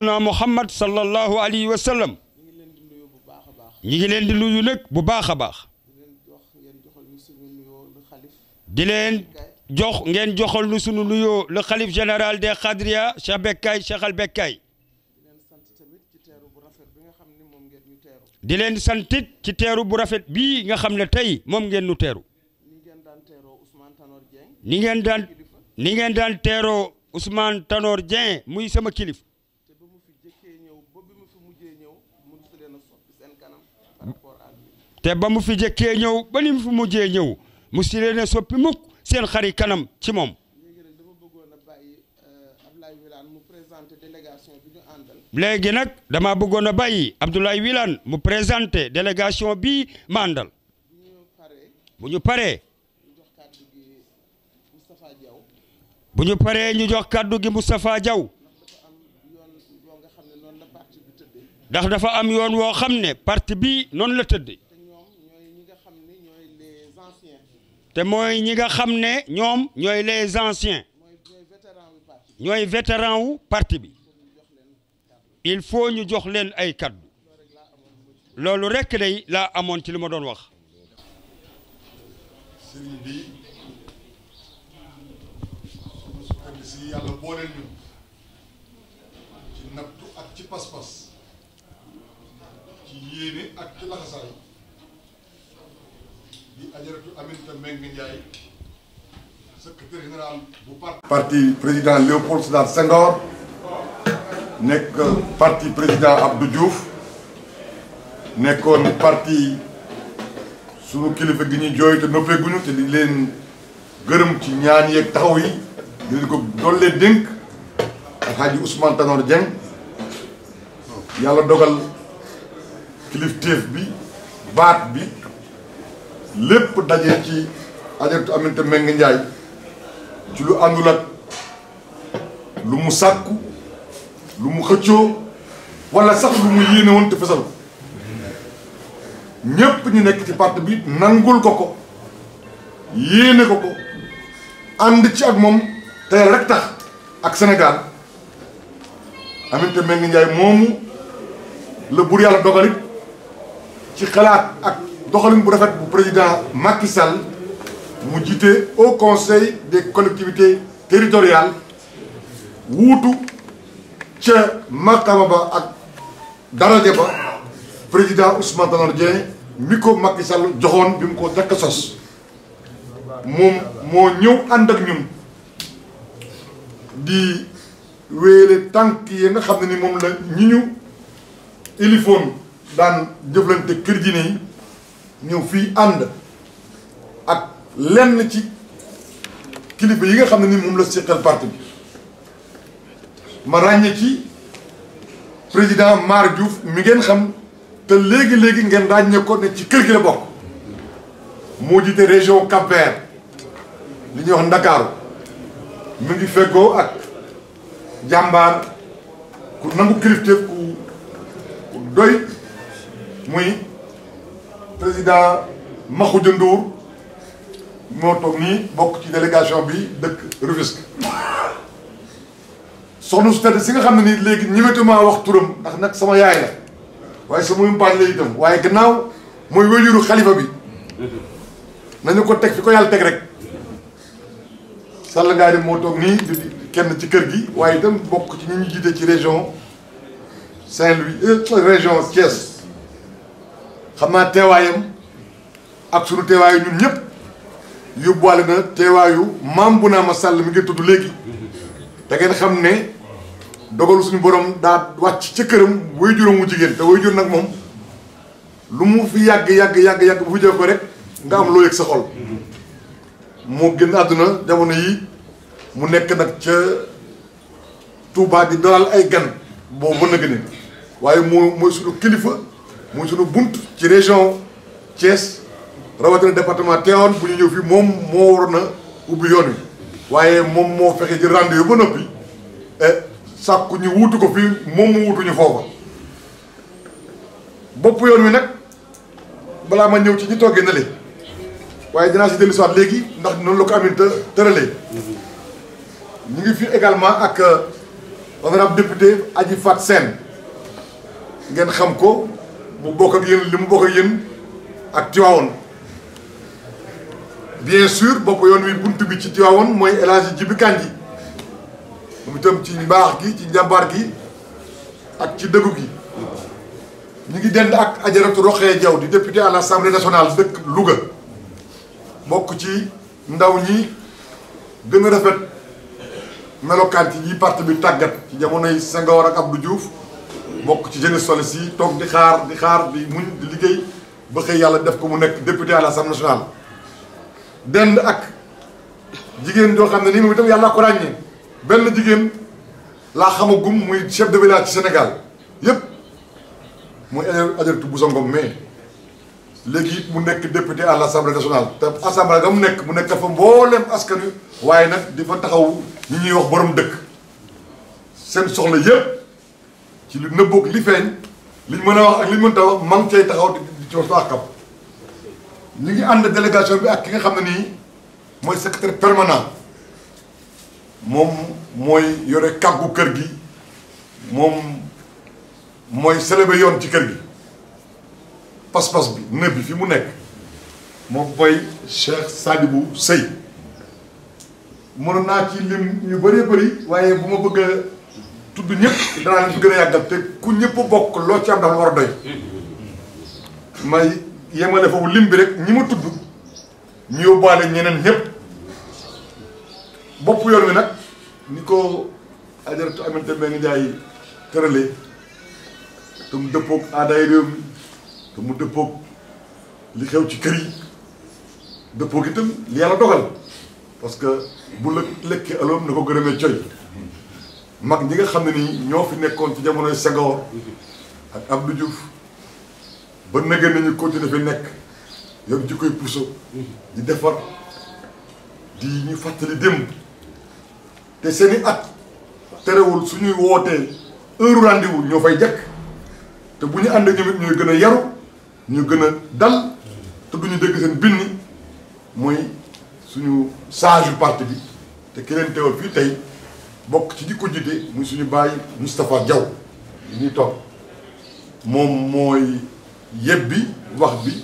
sayyiduna muhammad sallallahu alayhi wa sallam ñi ngi leen di nag bu baax a baax di leen jox ngeen joxal nu sunu nuyoo le xalif général des Khadria Cheikh Bekkaay Cheikh Al Bekkaay di leen santit ci teeru bu rafet bi nga xam ne tey moom ngeen nu teeru ni ngeen daan ni ngeen daan teeroo Ousmane Tanor Dieng muy sama kilif te ba mu fi jëkkee ñëw ba ni mu fi mujjee ñëw mu si leen soppi mukk seen xari kanam ci moom. léegi nag dama bëggoon a bàyyi euh, Abdoulaye Wilane mu présenté délégation bi ma àndal bu ñu paree bu ñu paree ñu jox kàddu gi Moustapha Diaw ndax dafa am yoon woo xam ne parti bi noonu la tëdd te mooy ñi nga xam ne ñoom ñooy les anciens ñooy vétéran wu parti bi il faut ñu jox leen ay kaddu loolu rekk day laa amoon ci li ma doon wax sëriñ bi sukkandiku ajaratu Aminata Mbengue Ndiaye secrétaire bu parti. parti président Léopold Sédar Senghor nekk parti président Abdou Diouf nekkoon parti sunu kilifa gi ñu jooy te noppeeguñu te di leen gërëm ci ñaan yeeg taxaw yi di ko dollee dénk ak Hadji Ousmane Tanor Dieng yàlla dogal kilifteef bi baat bi. lépp daje ci ajartu Aminata Mbengue Ndiaye ci lu àndul ak lu mu sàkku lu mu xëccoo walla sax lu mu yéene woon te fësal ñépp ñu nekk ci parti bi nangul ko ko yéene ko ko ànd ci ak moom te rek tax ak Sénégal Aminata Mbengue Ndiaye moomu la buur yàlla dogalit ci xalaat ak doxalin bu rafet bu président Macky mu jiite au conseil de collectivités territoriales wuutu ca maqama ba ak daraja ba président Ousmane Tanor Dieng mi ko Macky Sall joxoon bi mu ko dakk sos moom moo ñëw ànd ak ñun di wéele tànk yi nga xam ne ni moom la ñi ñu ilifoon daan jëflante kër ji yi ñëw fii ànd ak lenn ci kilifa yi nga xam ne ni moom la seqal parti bi ma ràññee ci président Mar Diouf mi ngeen xam te léegi-léegi ngeen ràññee ko ne ci kër bokk moo jiite région cap li ñuy wax Ndakaaru mu ngi feggoo ak jàmbaar ku nangu kilifteef ku doy muy président Makhoudia Ndour moo toog nii bokk ci délégation bi dëkk Rufisque soxna su tedd si nga xam ne nii léegi ñemetuma wax turam ndax nag sama yaay la waaye sama mpaañ la itam waaye gannaaw mooy wéyuru xalifa bi nañu ko teg fi ko yàlla teg rek Sall Ngaari moo toog nii kenn ci kër gi waaye itam bokk ci ñi ñu jiite ci région Saint-Louis euh, région Thiès xam naa teewaayam ak sunu teewaayu ñun ñëpp yóbbuwaale na teewaayu maam bu naa ma sàll mi ngi tudd léegi dangeen xam ne dogalu suñu borom daa wàcc ca këram way juróom wu jigéen te way jur nag moom lu mu fi yàgg yàgg yàgg yàgg bu fi jëf ko rek nga am loo yëg sa xol moo gën àdduna jamono yi mu nekk nag ca tuubaa di dalal ay gan boo mën a waaye moo mooy suñu kilifa muy sunu bunt ci région Thiès rawatina département Tivaouane bu ñu ñëw fii moom moo waroon a ubbi yoon wi waaye moom moo fexe ci rende yu ba noppi eh, sàkku ñu wuutu ko fii moom mu wuutuñu foofa bopp yoon wi nag balaa ma ñëw ci ñu toggee na le waaye dinaa si dellu si léegi ndax noonu la ko amin të tëralee ñu ngi fii également ak euh, honorable député Adji Fat Sène ngeen xam ko mu bokk ak yéen li mu bokk ak yéen ak Tiwaawoon bien sûr bopp yoon wi bunt bi ci Tiwaawoon mooy El Hadji Djibi Kandji mu itam ci mbaax gi ci njàmbaar gi ak ci dëggu gi ñu ngi dend ak Ajaratu Roxee Jaw di député à l'Assemblée nationale dëkk Louga bokk ci ndaw ñi gën a rafet melokaan ci ñi part bi tàggat ci jamonoy Senghor ak Abdou juuf bokk ci jeunesse solis yi toog di xaar di xaar di muñ liggéey ba xëy yàlla def ko mu nekk député à l'Assemblée nationale dend ak jigéen joo xam ne nii moom itam yàlla ko ràññee benn jigéen laa xamagum muy chef de village ci Sénégal yépp muy Adjaratou Bousso Ngom mais léegi it mu nekk député à l'Assemblée nationale te assemblée ga mu nekk mu nekk fa mbooleem askan wi waaye nag di fa taxaw ñi ñuy wax borom dëkk seen soxla yépp ci lu nëbboog li feeñ liñ mën a wax ak liñ mën ta wax man cay taxaw di ci wax sa àqam ñu ngi ànd délégation bi ak ki nga xam ne nii mooy secrétaire permanent moom mooy yore kàggu kër gi moom mooy célébé yoon ci kër gi pas-pas bi nëb bi fi mu nekk moom mooy Cheikh Sadibou sëy mënoon naa ci lim ñu bëree bëri waaye bu ma bëgg a tudd ñëpp danaa leen fi gën a yàggal te ku ñëpp bokk loo ci am dafa war a doy may yemale foofu lim bi rek ñi ma tudd ñu yóbbaale ñeneen ñëpp bopp yoon wi nag ni ko ajaratu amante mee ngi jaay tëralee te mu dëppoog aadaay réew mi te mu dëppoog li xew ci kër yi dëppoog itam li yàlla dogal parce que bu lëkk lekki aloom na ko gërëmee coy mag ñi nga xam ne nii ñoo fi nekkoon ci jamonoy Senghor ak Abdou Diouf ba nëgën nañu continuer fi nekk yow ji koy puso di defar di ñu fàttali démb te seeni at terewul suñuy wootee heure rendez ñoo fay jekk te bu ñu ànd ak ñoom it ñuy gën a yaru ñu gën a dal te duñu dégg seen binni mooy suñu sage parti bi te keneen leen teewal fii tey bokk ci ñi ko jiite muy suñu bàyyi Moustapha Diaw yi ñuy toog moom mooy yebbi wax bi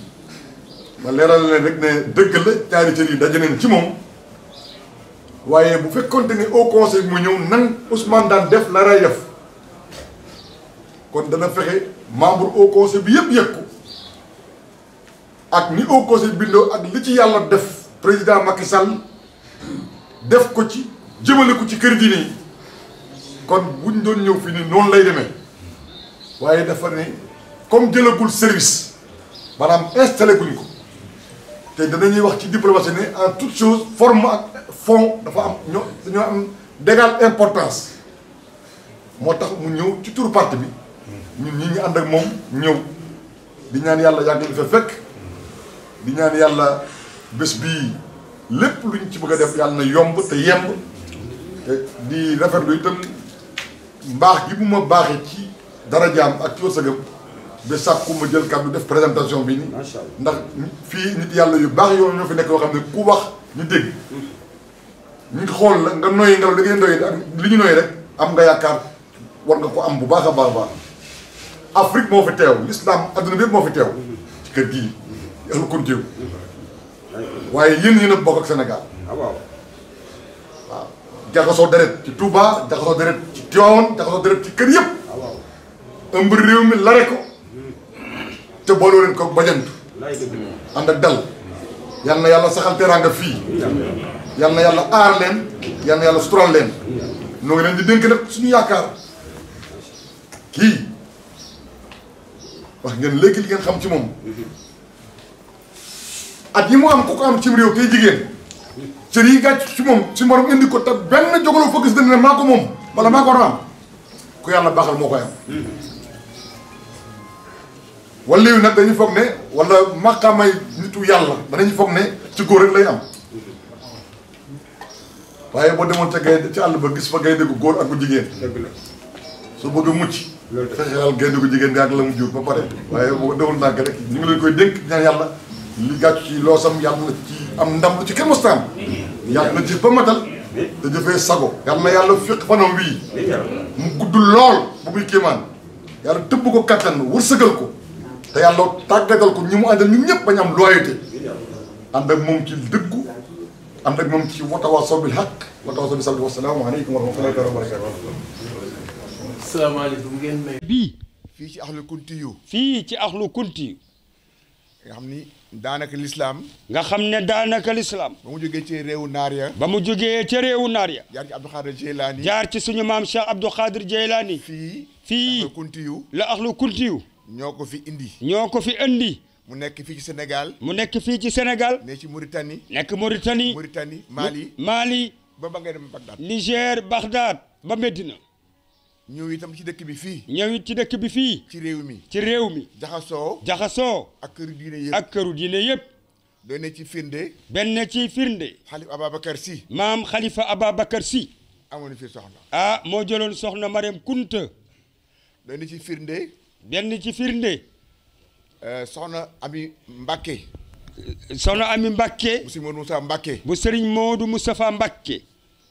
ma leeral leen rek ne dëgg la ñaari cër yi daje neen ci moom waaye bu fekkonte ne au conseil mu ñëw nan Ousmane daan def la ray kon dana fexe membre au conseil bi yëpp yëg ko ak ni au conseil bindoo ak li ci yàlla def président Macky Sall def ko ci jëmale ko ci kër yi kon buñ doon ñëw fi ni noonu lay demee waaye dafa ne comme jëlagul service maanaam installé guñ ko te danañuy wax ci diplomatie ne en toute chose forme ak fond dafa am ñoo dañoo am d'égale importance moo tax mu ñëw ci turu parti bi ñun ñi ñu ànd ak moom ñëw di ñaan yàlla yàgg li fa fekk di ñaan yàlla bés bii lépp luñ ci bëgg a def yàlla na yomb te yemb di rafetlu itam mbaax gi bu ma baaxee ci dara darajaam ak ci wërsëgam ba sàkku ma jël kàddu def présentation bi nii ndax fii nit yàlla yu baax yoon ñoo fi nekk yoo xam ne ku wax ñu dégg ñu xool la nga noyyi ngelaw li ngay ak li ñu noyyi rek am nga yaakaar war nga ko am bu baax a baax baax Afrique moo fi teew l'islam adduna bi yëpp moo fi teew ci kër gii alkontiw waaye yéen yéen a bokk ak Sénégal ah, jaxasoo deret ci tuuba jaxasoo deret ci Tivaouane jaxasoo deret ci kër yëpp ah, ëmb réew mi lare ko te booloo leen ko bajantu ànd ak dal yal na yàlla saxal teraanga fii yal na yàlla aar leen yal na yàlla sutural leen noo ngi leen di dénk nag suñu yaakaar kii wax ngeen léegi li ngeen xam ci moom mm-hmm. at yi mu am ku am cim réew tey jigéen te lii gàcc ci moom si morom indi ko te benn jogaloo fa gis dana ne maa ko moom wala maa ko war a am ku yàlla baaxal moo koy am. wala yu nag dañuy foog ne wala maqaamay nitu yàlla foog ne ci góor lay am waaye boo ca gaynde ci àll ba gis fa gaynde gu góor ak gu su bëgg mucc. loolu dafay xelal gaynde gu jigéen bi ak la mu jur ba pare. waaye boo dewul nàgg rek ñu ngi leen koy dénk ñaan yàlla li gàcc ci loo sam yàlla ci am ndam ci kenn mostaan. yàlla na jëf ba matal te jëfee sago yàlla na yàlla féq fanam wii mu gudd lool bu muy kéemaan yàlla tëbb ko kattan wërsëgal ko te yàlla tàggatal ko ñi mu àndal ñun ñëpp bañ am loyauté ànd ak moom ci dëggu ànd ak moom ci watawaasaw bil haqq watawaasaw bis sabr wasalaamaaleykum wa rahmatullahi wa barakatuh asalaamaaleykum ngeen may bii fii ci axlu kunti yu fii ci axlu kunti nga daanaka lislaam nga xam ne daanaka lislaam ba mu jógee ci réewu naar ya ba mu jógee ca réewu naar ya jaar ci suñu maam Cheikh Abdou Khadir Jeylaani fii fii axlu kuntiyu la axlu kuntiyu ñoo ko fi indi ñoo ko fi indi mu nekk fii ci senegal mu nekk fii ci Sénégal ne ci nekk Mauritanie Mauritanie Mali Mali ba ba ngay Bagdad ba Medina ñëw itam ci dëkk bi fii. ñëw it ci dëkk bi fii. ci réew mi ci réew mi. jaxasoo jaxasoo. ak këru diine yëpp ak këru diine yëpp. benn ci firnde. benn ci firnde. si. maam xalifa Ababacar si. amoon fi soxna. Ah, moo jëloon soxna Marème Kunta. benn ci firnde. benn ci firnde. Euh, soxna Ami Mbakke. soxna Ami Mbakke. bu Serigne Modou Moussa Mbakke. bu Serigne Modou Moustapha Mbakke.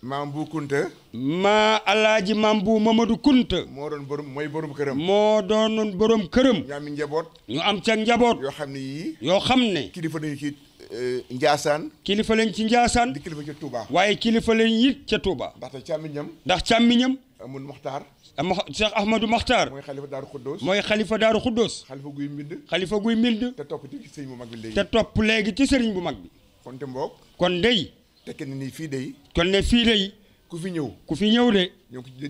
maam bu Kunta. maa alaaji maam bu mamadu Kunta. moo doon borom mooy borom këram. moo doonoon borom këram. ñu am njaboot. am ca njaboot. yoo xam ne yii. yoo xam ne. kilifa lañ ci eh, Njaasaan. kilifa lañ ci Njaasaan. di kilifa ca Touba. waaye kilifa lañ it ca Touba. ndaxte càmmiñam. ndax càmmiñam. amul Mokhtar. ama Cheikh Ahmadou Mokhtar. mooy xalifa Daaru Khuddoos. mooy xalifa Daaru Khuddoos. xalifa guy mbind. xalifa guy mbind. te topp ci sëriñ mag bi léegi. te topp léegi ci sëriñ bu mag bi. kon te mbokk. kon dey. te kenn nii fii de yi. kon ne fii de ku fi ñëw ku fi ñëw de. ñëw nga ci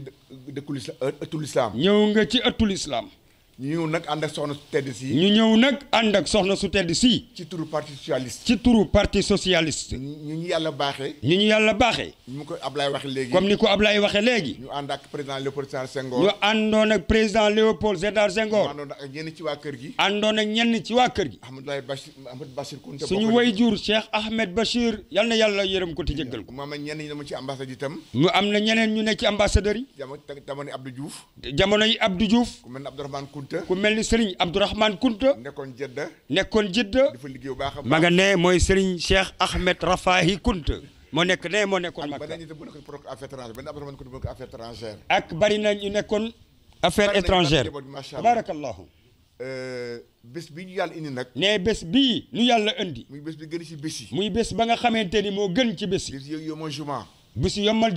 dëkkul islam ëttul ñëw nga ci ëttul islam. ñu ñëw nag ànd ak soxna su tedd si. ñu ñëw nag ak soxna su tedd si. ci turu parti socialiste. ci turu parti socialiste. ñu ñu yàlla baaxee. ñu ñu yàlla baaxee. ñu ko Ablaye waxee léegi. comme ni ko Ablaye waxee léegi. ñu ànd ak président Léopold Sédar Senghor. ñu àndoon ak président Léopold Sédar ñenn ci waa kër gi. àndoon ak ñenn ci waa kër gi. Ahmadou Bachir Ahmed Bachir Kounta. suñu wayjur Cheikh Ahmed Bachir yal na yàlla yërëm ko te jéggal ko. mu am na ñeneen ñu ne ci ambassade itam. ñu ne ci ambassadeur yi. jamono jamonoy Abdou Diouf. jamonoy Abdou Diouf. ku Kunta ku mel ni Serigne Abdourahmane Kunta nekkoon Jedda nekkoon Jedda dafa liggéey bu baax a ma nga ne mooy Serigne Cheikh Ahmed Rafahi Kunta moo nekk ne moo nekkoon Makka ak bari na ñu nekkoon affaire étrangère tabarakallahu euh, bés bi ñu yàlla indi nag ne bés bii ñu yàlla indi muy bés bi gën ci bés yi muy bés ba nga xamante ni moo gën ci bés yi bés yomal jumaa bési yomal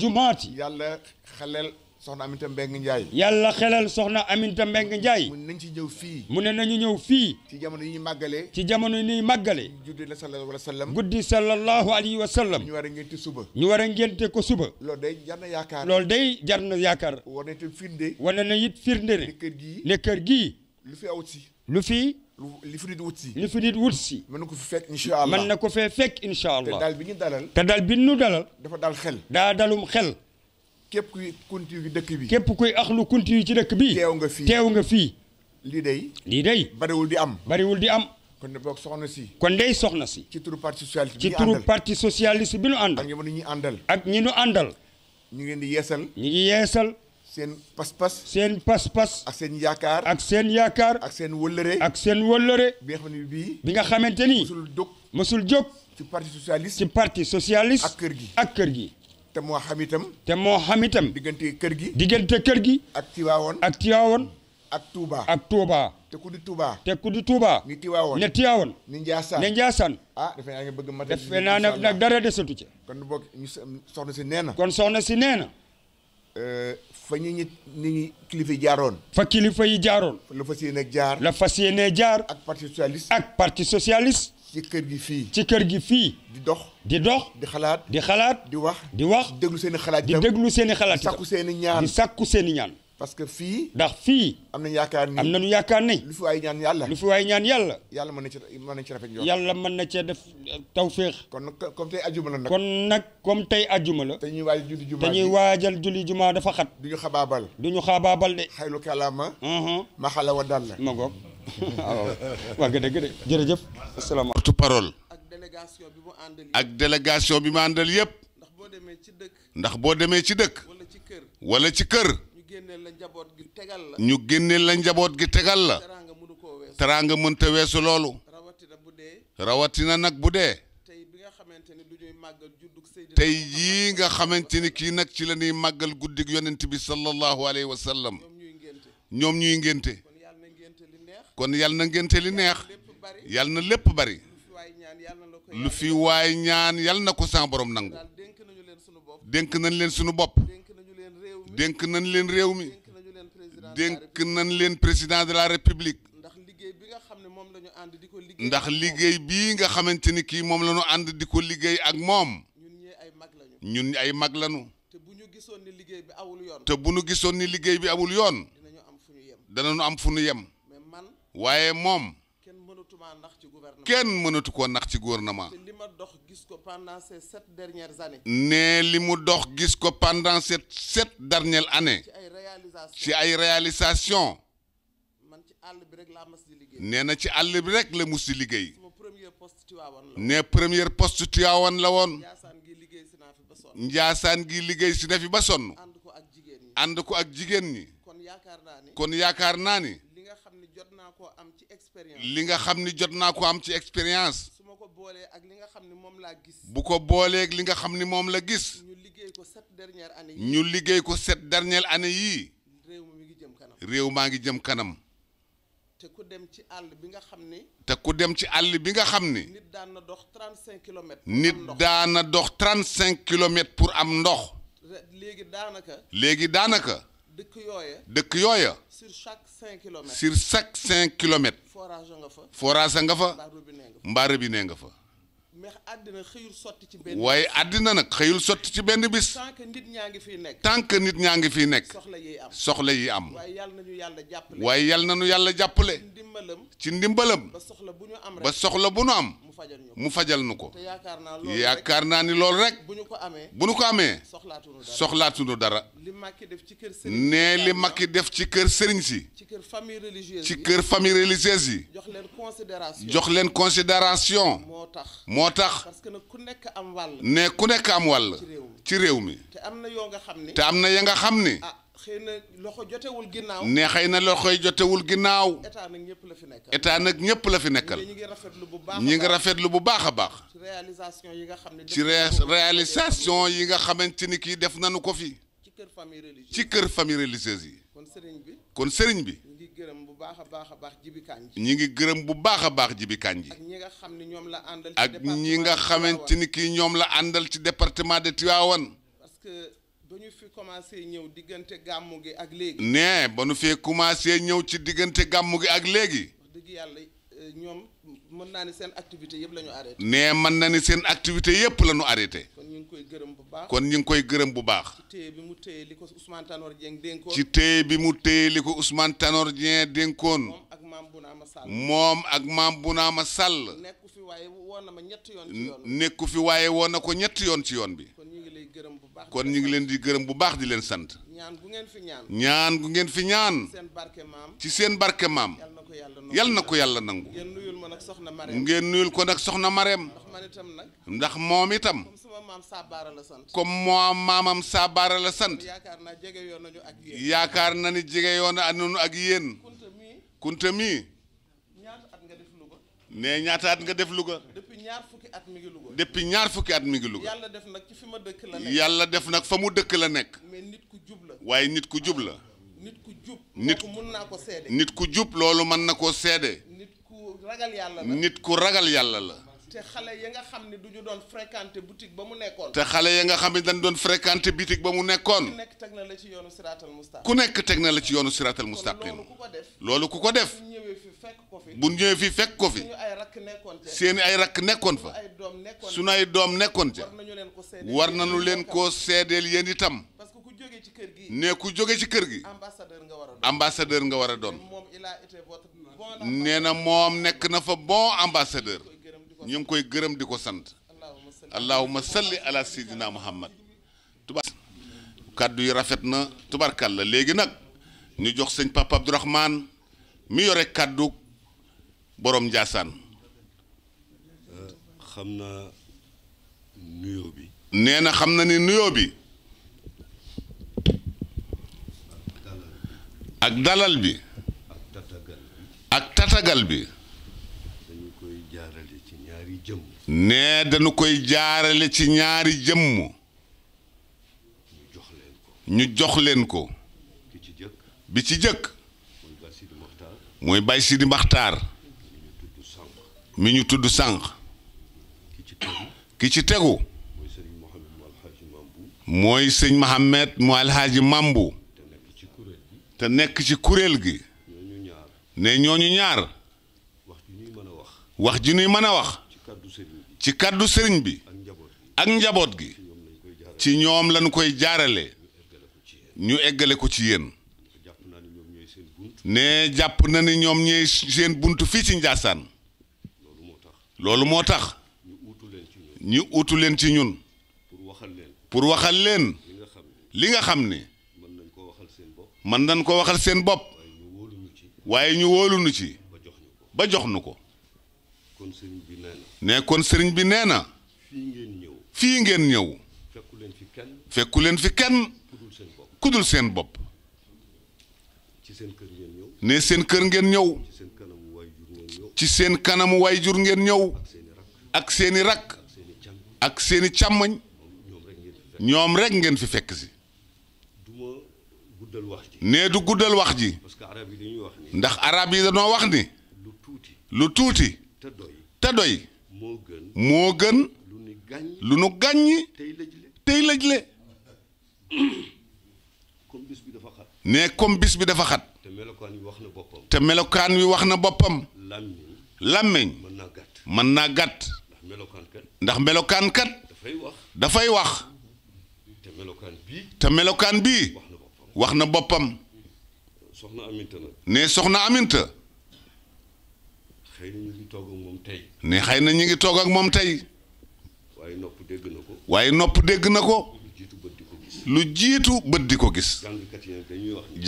soxna Aminta Mbengue Ndiaye. yàlla xelal soxna Aminta Mbengue Ndiaye. mu ne nañ ci ñëw fii. mu ne nañu ñëw fii. ci jamono yi ñuy màggalee. ci jamono yi màggalee. guddi la sallallahu alayhi wa sallam. guddi sallallahu alayhi wa sallam. ñu war a ngénte suba. ñu war a ko suba. loolu day jar na yaakaar. loolu day jar na yaakaar. wane itam firnde. wane na it firnde ne. kër gii ne kër gii. lu fi aw si. lu fi. li fi nit wut si. li fi nit wut si. mën na ko fi fekk incha allah mën na ko fee fekk incha allah. te daal bi ñu dalal. te daal bi ñu dalal. dafa dal xel. daa dalum xel. képp kuy kunti dëkk bi. képp kuy axlu kunti yu ci dëkk bi. teew nga fi teew nga fii. lii day. lii day. bariwul di am. bariwul di am. kon de boog soxna si. kon day soxna si. ci turu parti socialiste bi ñu àndal ci turu parti socialiste bi ñu àndal. ak ñi ñu àndal. ak ñi ñu àndal. ñu ngi leen di yeesal. ñu ngi yeesal. seen pas-pas. seen pas-pas. ak seen yaakaar. ak seen yaakaar. ak seen wëllëre. ak seen wëllëre. bi nga bi nga xamante ni. mosul jóg mosul jóg. ci parti socialiste. ci parti socialiste. ak kër gi ak kër gi. te moo xam itam. te moo xam itam. diggante kër gi. diggante kër gi. ak Tiwaawoon ak Tiwaawoon. ak Touba ak Touba. te ku di Touba. te ku di Touba. ni Tiwaawoon ne Tiwaawoon. ni Ndiassane ne Ndiassane. ah defe naa bëgg mat. defe naa nag nag dara desatu ci. kon boog ñu soxna si nee na. kon soxna si nee na. Euh, fa ñu ñi nit ñi kilifa yi jaaroon. fa kilifa yi jaaroon. la fas yéene jaar. la fas yéene jaar. ak parti socialiste. parti socialiste. ci kër gi fii. ci kër gi fii. di dox di dox. di xalaat di xalaat. di wax di wax. di déglu seen i xalaat di déglu seen xalaat. di sakku seen ñaan di seen ñaan. parce que fii. ndax fii. am na yaakaar ni am na nañu yaakaar ni. lu fi waay ñaan yàlla. lu fi waay ñaan yàlla. yàlla mën na ci mën na ci rafet njort. yàlla mën na cee def tawféex. kon nag comme tey ajuma la nag. kon nag comme tey ajuma la. te ñuy waajal julli juma te ñuy waajal julli juma dafa xat. du ñu xabaabal. du ñu xabaabal de. xaylu kalaama. Uh-huh. ma xala wa dal la. ma goog. waaw wax jërëjëf. asalaamaaleykum porte parole. ak délégation bi mu àndal yëpp. ak délégation bi mu àndal yëpp. ndax boo demee ci dëkk. ndax boo demee ci dëkk. wala ci kër. wala ci kër. ñu génneel la njaboot gi tegal la. ñu génneel la njaboot gi tegal la. teraanga mënu koo weesu. teraanga mënta weesu loolu. rawatina bu dee. rawatina nag bu dee. tey bi nga xamante ni du ñuy màggal juddug tey yii nga xamante ni kii nag ci la ñuy màggal guddig yonent bi sallallahu alayhi wa sallam. ñoom ñuy ngénte. kon yal na ngénte li neex yal na lépp bari lu fi waay ñaan yal na ko sama borom nangu dénk nañ leen suñu bopp dénk nañ leen réew mi dénk nañ leen président de la république ndax liggéey bii nga xamante ni kii moom la ñu ànd di ko liggéey ak moom ñun ay mag lañu te bu ñu gisoon ni liggéey bi awul yoon te bu ñu gisoon ni liggéey bi awul yoon danañu am fu ñu yem. waaye moom kenn mënatuma nax ci gouvernement kenn mënatu ko ndax ci gouvernement. li ma dox gis ko pendant ces sept dernières années. ne li mu dox gis ko pendant ces sept dernières années. ci ay réalisations ci ay réalisations. man ci àll bi rek laa mas di liggéey. nee na ci àll bi rek la mu di liggéey. sama premier poste Tiwaawan la woon. ne premier poste Tiwaawan la woon. Njaasaan gi liggéey si na fi ba sonn. Njaasaan gi liggéey si na fi ba sonn. ànd ko ak jigéen ñi. ànd ko ak jigéen ñi. kon yaakaar naa ni. kon yaakaar naa ni. jot naa ko am ci expérience. li nga xam ni jot naa ko am ci expérience. su ma ko boolee ak li nga xam ni moom laa gis. bu ko boolee li nga xam ni moom la gis. ñu liggéey ko sept dernières années yii. ñu liggéey ko sept dernières années yii. réew mi ngi jëm kanam. réew maa ngi jëm kanam. te ku dem ci àll bi nga xam ni. te ku dem ci àll bi nga xam ni. nit daan na dox trente cinq kilomètres. nit daan na dox trente cinq kilomètres pour am ndox. léegi daanaka. léegi daanaka. dëkk yooya. dëkk yooya. sur chaque cinq kilomètres. sur chaque cinq kilomètres. forage nga fa. forage nga fa. mbaa robinet nga fa. waaye àddina nag xëyul sotti ci benn bis tant nit ñaa ngi fiy nekk tant que nit ñaa ngi fiy nekk soxla yi am soxla yi am waaye yal na ñu yàlla jàppale waaye yal na yàlla jàppale ci ndimbalam ba soxla bu ñu am ba soxla bu ñu am mu fajal nu ko yaakaar naa ni loolu rek bu ñu ko amee bu ñu ko amee soxlaatunu dara nee li Macky def ci kër sëriñ si ci kër famille religieuse yi jox leen considération jox leen considération moo tax moo tax parce que ku nekk am wàll ne ku nekk am wàll ci réew mi te am na yoo nga xam ni am na ya nga xam ne ah, xëy na loxo jotewul ginnaaw ne xëy na loxo jotewul ginnaaw état nag ñëpp la fi nekkal état nag ñëpp la fi nekkal ñi ngi rafetlu bu baax ñi ngi rafetlu bu baax a baax ci réalisation yi nga xam ne ci réalisation yi nga xamante ni kii def nañu ko fi ci kër famille religieuse yi kon sëriñ bi kon sëriñ bi gërëm bu baax a baax a baax Jibi Kandji ñi ngi gërëm bu baax a baax Jibi Kandji ak ñi nga xam ne ñoom la àndal ak ñi nga xamante ni kii ñoom la àndal ci département de Tivaouane parce que ba ñu fi commencé ñëw diggante gàmmu gi ak léegi ne ba ñu fee commencé ñëw ci diggante gàmmu gi ak léegi wax yàlla euh, mën naa ni seen activité yëpp la ñu arrêté. mais mën na ni seen activité yëpp la ñu arrêté. kon ñu ngi koy gërëm bu baax. kon ñu ngi koy gërëm bu baax. ci téye bi mu téye li ko Ousmane Tanor Dieng dénkoon. téye bi mu téye li ko Ousmane Tanor Dieng dénkoon. moom ak maam Bunaama Sall. moom ak maam Bunaama Sall. nekku fi waaye woon na ma ñetti yoon nekku fi waaye woon na ko ñetti yoon ci yoon bi. kon ñu ngi lay gërëm bu baax. kon ñu ngi leen di gërëm bu baax di leen sant. ñaan gu ngeen fi ñaan. ñaan gu ngeen fi ñaan. ci seen barke maam. ci seen barke maam. yal na ko yàlla nangu ngeen nuyul ko nag soxna Marème ndax moom itam comme moo maamam Sabara la sant yaakaar na ni jege yoon nañu ak yéen kunta mii nee ñaata at nga def Louga. ñaar fukki at mi ngi Louga. ñaar fukki at mi ngi Louga. yàlla def nag fi ma dëkk la yàlla def nag fa mu dëkk la nekk. mais nit ku jub waaye nit ku jub la. nit ku jub. nit ku mën naa ko seede. nit ku jub loolu mën na koo seede. ragal yàlla nit ku ragal yàlla la. te xale ya nga xam ne du ñu doon fréquenté boutique ba mu nekkoon. te xale ya nga xam ne dañ doon fréquenté boutique ba mu nekkoon. ku nekk teg na la ci yoonu siraatal mustaqim. ku nekk teg na la ci yoonu siraatal mustaqim. loolu ku ko def loolu ku ko def. bu ñëwee fi fekk ko fi. bu ñëwee fi fekk ko fi. seeni ay rakk nekkoon fa. suñu ay doom nekkoon ca. war nañu leen ko seddeel yéen itam. jóge ci kër gi ne ku jóge ci kër gi ambassadeur nga war a doon ambassadeur nga war a doon nee na moom nekk na fa bon ambassadeur ñu ngi koy gërëm di ko sant allahuma salli ala sayyidina muhammad tubar kàddu yi rafet na la léegi nag ñu jox sëñ papa abdourahman mi yore kàddu boroom njaasaan euh, xam na nuyoo bi nee na xam na ni nuyoo bi ak dalal bi ak tatagal bi ñaari jëmm nee dañu koy jaarale ci ñaari jëmm ñu jox leen ko bi ci jëkk mooy Baay Sidi Maxtaar mi ñu tudd sànq ki ci tegu mooy sëñ Mohamed mu alxaaji Mambu te nekk ci kuréel gi ne ñoo ñooñu ñaar wax ji ñuy mën a wax ci kàddu sëriñ bi ak njaboot gi ci ñoom lañu koy jaarale ñu eggale ko ci yéen ne jàpp na ni ñoom ñooy seen bunt fii ci Njaasaan loolu moo tax ñu utu leen ci ñun pour waxal leen li nga xam ni man nañ ko waxal seen bopp waaye ñu wóolunu ci ba jox nu ko ne kon sëriñ bi nee na fii ngeen ñëw fekku leen fi kenn kudul seen bopp ne seen kër ngeen ñëw ci seen kanamu waajur ngeen ñëw ak seeni rakk ak seeni càmmañ ñoom rek ngeen fi fekk si guddal wax nee du guddal wax ji parce que arab yi dañuy wax ndax arab yi dañoo wax ni lu tuuti lu tuuti te doy te doy moo gën lu nu gàññ lu nu gàññ tey lëjle tey lëjle comme bis bi dafa nee comme bis bi dafa xat te melokaan wi wax na boppam te melokaan wi wax na boppam làmmiñ làmmiñ mën naa gàtt ndax melokaan kat ndax melokaan kat dafay wax dafay wax melokaan bii te melokaan bii wax na boppam. soxna Aminta ne soxna Aminta. xëy na toog moom tey. ne xëy na ñu ngi toog ak moom tey. waaye nopp dégg na ko. waaye nopp dégg na ko. lu jiitu bët di ko gis. lu jiitu bët di ko gis.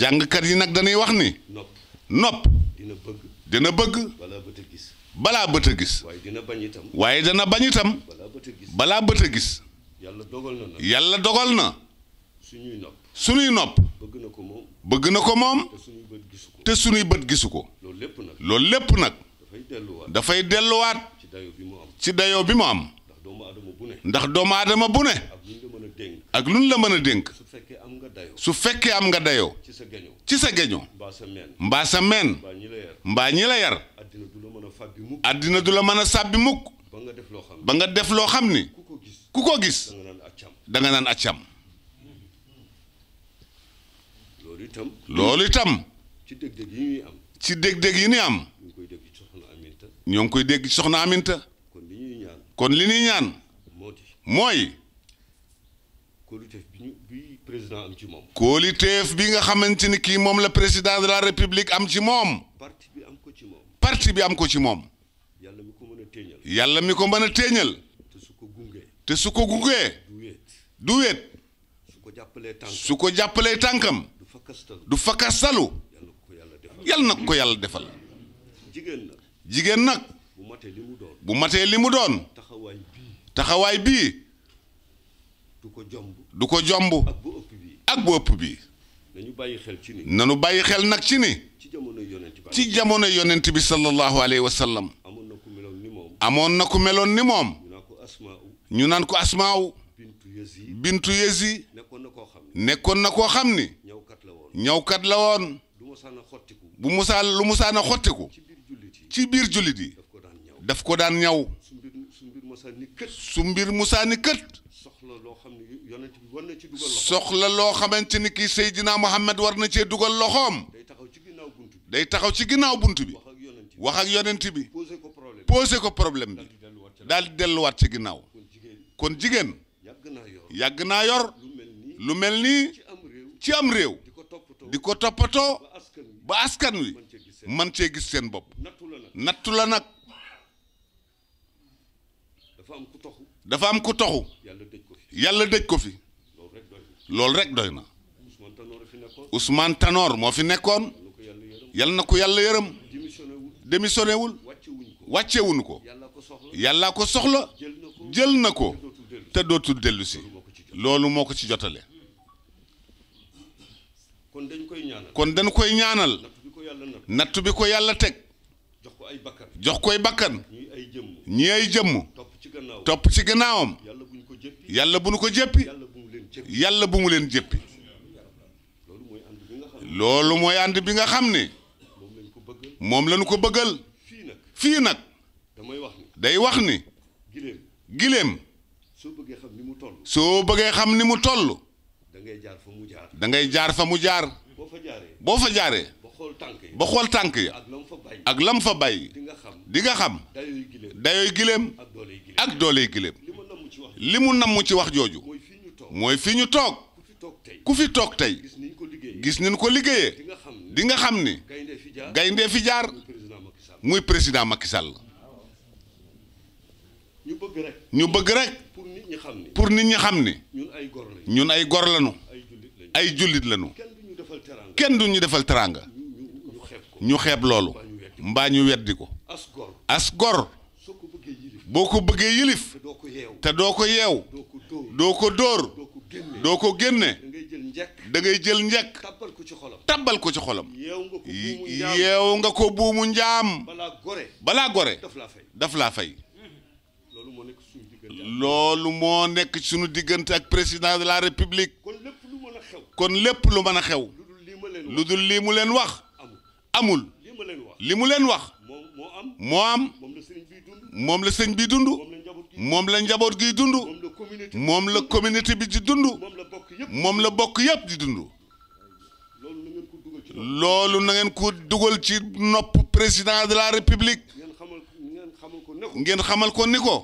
jàngkat yi nag dañuy wax ni. yi nag dañuy wax ni. nopp nopp. dina bëgg. balaa bët a gis. waaye dina bañ waaye dana bañ itam. balaa bët a gis. balaa bët a gis. yàlla dogal na nag. yàlla dogal na. suñuy nopp. sunuy nopp bëgg na ko moom bëgg na ko moom te sunuy bët gisu ko loolu lépp nag dafay delluwaat ci dayoo bi mu am ndax doomu aadama bu ne ak lu nu la mën a dénk su fekkee am nga dayoo ci sa geño mbaa sa meen mbaa ñi la yar àddina du la mën a sàbbi mukk ba nga def loo xam ni ku ko gis da nga naan accam itam. loolu itam. ci dég-dég yi ñuy am. ci dég yi ñuy am. ñoo koy dégg ci soxna Aminta. ñoo ngi koy dégg ci soxna kon li ñuy ñaan. kon li ñuy ñaan. moo di. mooy. kóoliteef bi président am ci moom. kóoliteef bi nga xamante ni kii moom la président de la république am ci moom. parti bi am ko ci parti bi am ko ci moom. yàlla mi ko mën a téeñal. yàlla mi ko mën a téeñal. te su ko gungee. te su ko gungee. du wéet. su ko jàppalee tànkam su ko jàppalee tànkam. du fakastalu yal na ko yàlla defal jigéen nag bu matee li mu doon taxawaay bii du ko jomb du ko jomb ak bu ëpp bi nañu bàyyi xel ci ni nañu xel nag ci ni ci jamono yonent bi sallallahu alayhi wa sallam amoon na ku meloon ni moom ñu naan ko asmaaw bintu yezi nekkoon na koo xam ni ñawkat la woon bu musaa lu musaa na xottiku ci biir jullit yi daf ko daan ñaw su mbir musaa ni kët soxla loo xamante ni kii Seydina Muhammad war na cee dugal loxoom day taxaw ci ginnaaw bunt bi wax ak yonent bi posé ko problème bi daal di delluwaat ci ginnaaw kon jigéen yàgg naa yor lu mel nii ci am réew di ko toppatoo ba askan wi man cee gis seen bopp nattu la nag dafa am ku toxu yàlla dëj ko fi loolu rek doy na Ousmane Tanor moo fi nekkoon yal na ko yàlla yërëm démissionné wul wàccewuñu ko yàllaa ko soxla jël na ko te dootul dellu si loolu moo ko ci jotale kon dañu koy ñaanal kon dañ koy ñaanal natt bi ko yàlla teg jox ko ay bakkan jox koy bakkan ñii ay jëmm ñii ay jëmm topp ci gannaawam topp ci gannaawam yàlla bu ñu ko jéppi yàlla bu ñu ko yàlla bu mu leen jéppi loolu mooy ànd bi nga xam ne moom lañu ko bëggal fii nag damay wax day wax ni giléem giléem soo bëggee xam ni mu toll soo bëggee xam ni mu toll ngay jaar fa mu jaar. da ngay jaar fa mu jaar. boo fa jaaree. boo fa jaaree. ba xool tànk yi xool tànk yi. ak lam fa bàyyi. ak lam fa bàyyi. di nga xam di nga xam. dayooy gileem dayooy ak dooley gileem ak dooley gileem. li mu namm ci wax li mu namm ci wax jooju. mooy fii ñu toog mooy fii ñu toog. ku fi toog tey ku fi toog tey. gis nañ ko liggéeyee gis nañ ko liggéeyee. di nga xam ni di nga xam ni. gayndee fi jaar gayndee fi jaar. muy président Macky Sall. ñu ñi xam ni pour nit ñi xam ni ñun ay gor lañu ñun ay gor lañu ay jullit lañu kenn du ñu defal teraanga ñu xeeb loolu mbaa ñu weddi ko as gor boo ko bëggee yilif te doo ko yeew doo ko dóor doo ko génne da ngay jël njekk tàbbal ko ci xolam yeew nga ko buumu njaam balaa gore daf laa fay loolu moo nekk ci suñu diggante ak président de la république kon lépp lu mën a xew lu dul lii mu leen wax amul li mu leen wax moo am moom la sëñ bi dund moom la njaboot giy dund moom la communauté bi di dund moom la bokk yépp di dund loolu na ngeen ko dugal ci nopp président de la république ngeen xamal ko ni ko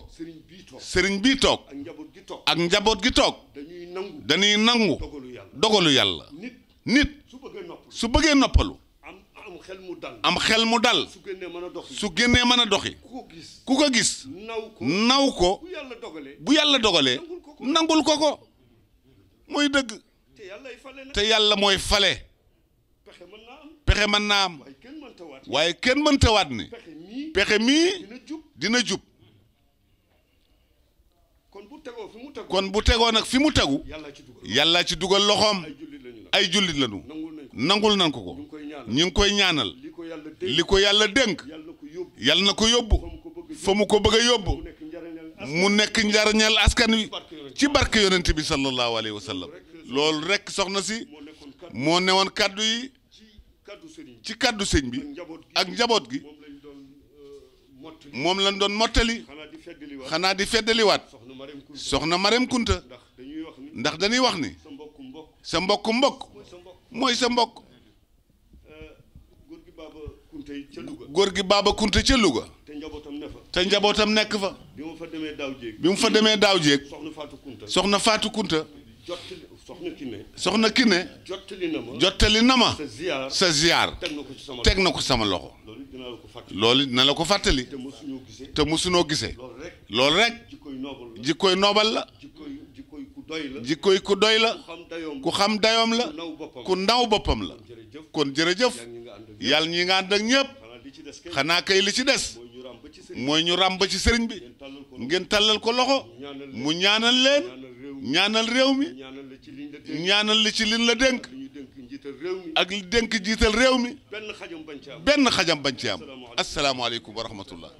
sëriñ bii toog ak njaboot gi toog dañuy nangu dogalu yàlla nit su bëggee noppalu am xel mu dal am xel mu dal su génnee mën a doxi su génnee mën a doxi ku ko gis naw ko bu yàlla dogalee nangul ko ko mooy dëgg te yàlla mooy fale pexe mën naa am waaye kenn mënta waat ni pexe mii dina jub kon bu tegoo nag fi mu tegu yàlla ci dugal loxoom ay jullit lañu nangul nan ko ko ñu ngi koy ñaanal li ko yàlla dénk yàlla na ko yóbbu fa mu ko bëgg a yóbbu mu nekk njariñal askan wi ci barke yonent bi sallallahu alayhi wa sallam loolu rek soxna si moo newoon kàddu yi ci kàddu sëñ bi ak njaboot gi euh, moom lañ doon mottali xanaa di feddaliwaat soxna Marème Kunta ndax dañuy wax ni sa mbokk mbokk mooy sa mbokk góor gi baaba Kunta ca Louga te njabootam nekk fa bi mu fa demee daaw jéeg bi mu fa demee daaw jéeg soxna Fatou Kunta soxna Kine soxna Kine jottali na ma jottali na ma sa ziar teg na ko ci sama loxo. loolu na la ko fàttali te mosunoo gisee lool rek jikkooy noobal la jikkooy ku doy la ku xam dayoom la ku ndaw boppam la kon jërëjëf yàlla ñi nga ànd ak ñëpp xanaa kay li ci des mooy ñu ràmb ci sëriñ bi ngeen tàllal ko loxo mu ñaanal leen ñaanal réew mi ñaanal li ci liñ la dénk ak dénk jiital réew mi benn xajam bañ ci am benn xajam bañ ci am asalaamaaleykum wa rahmatullah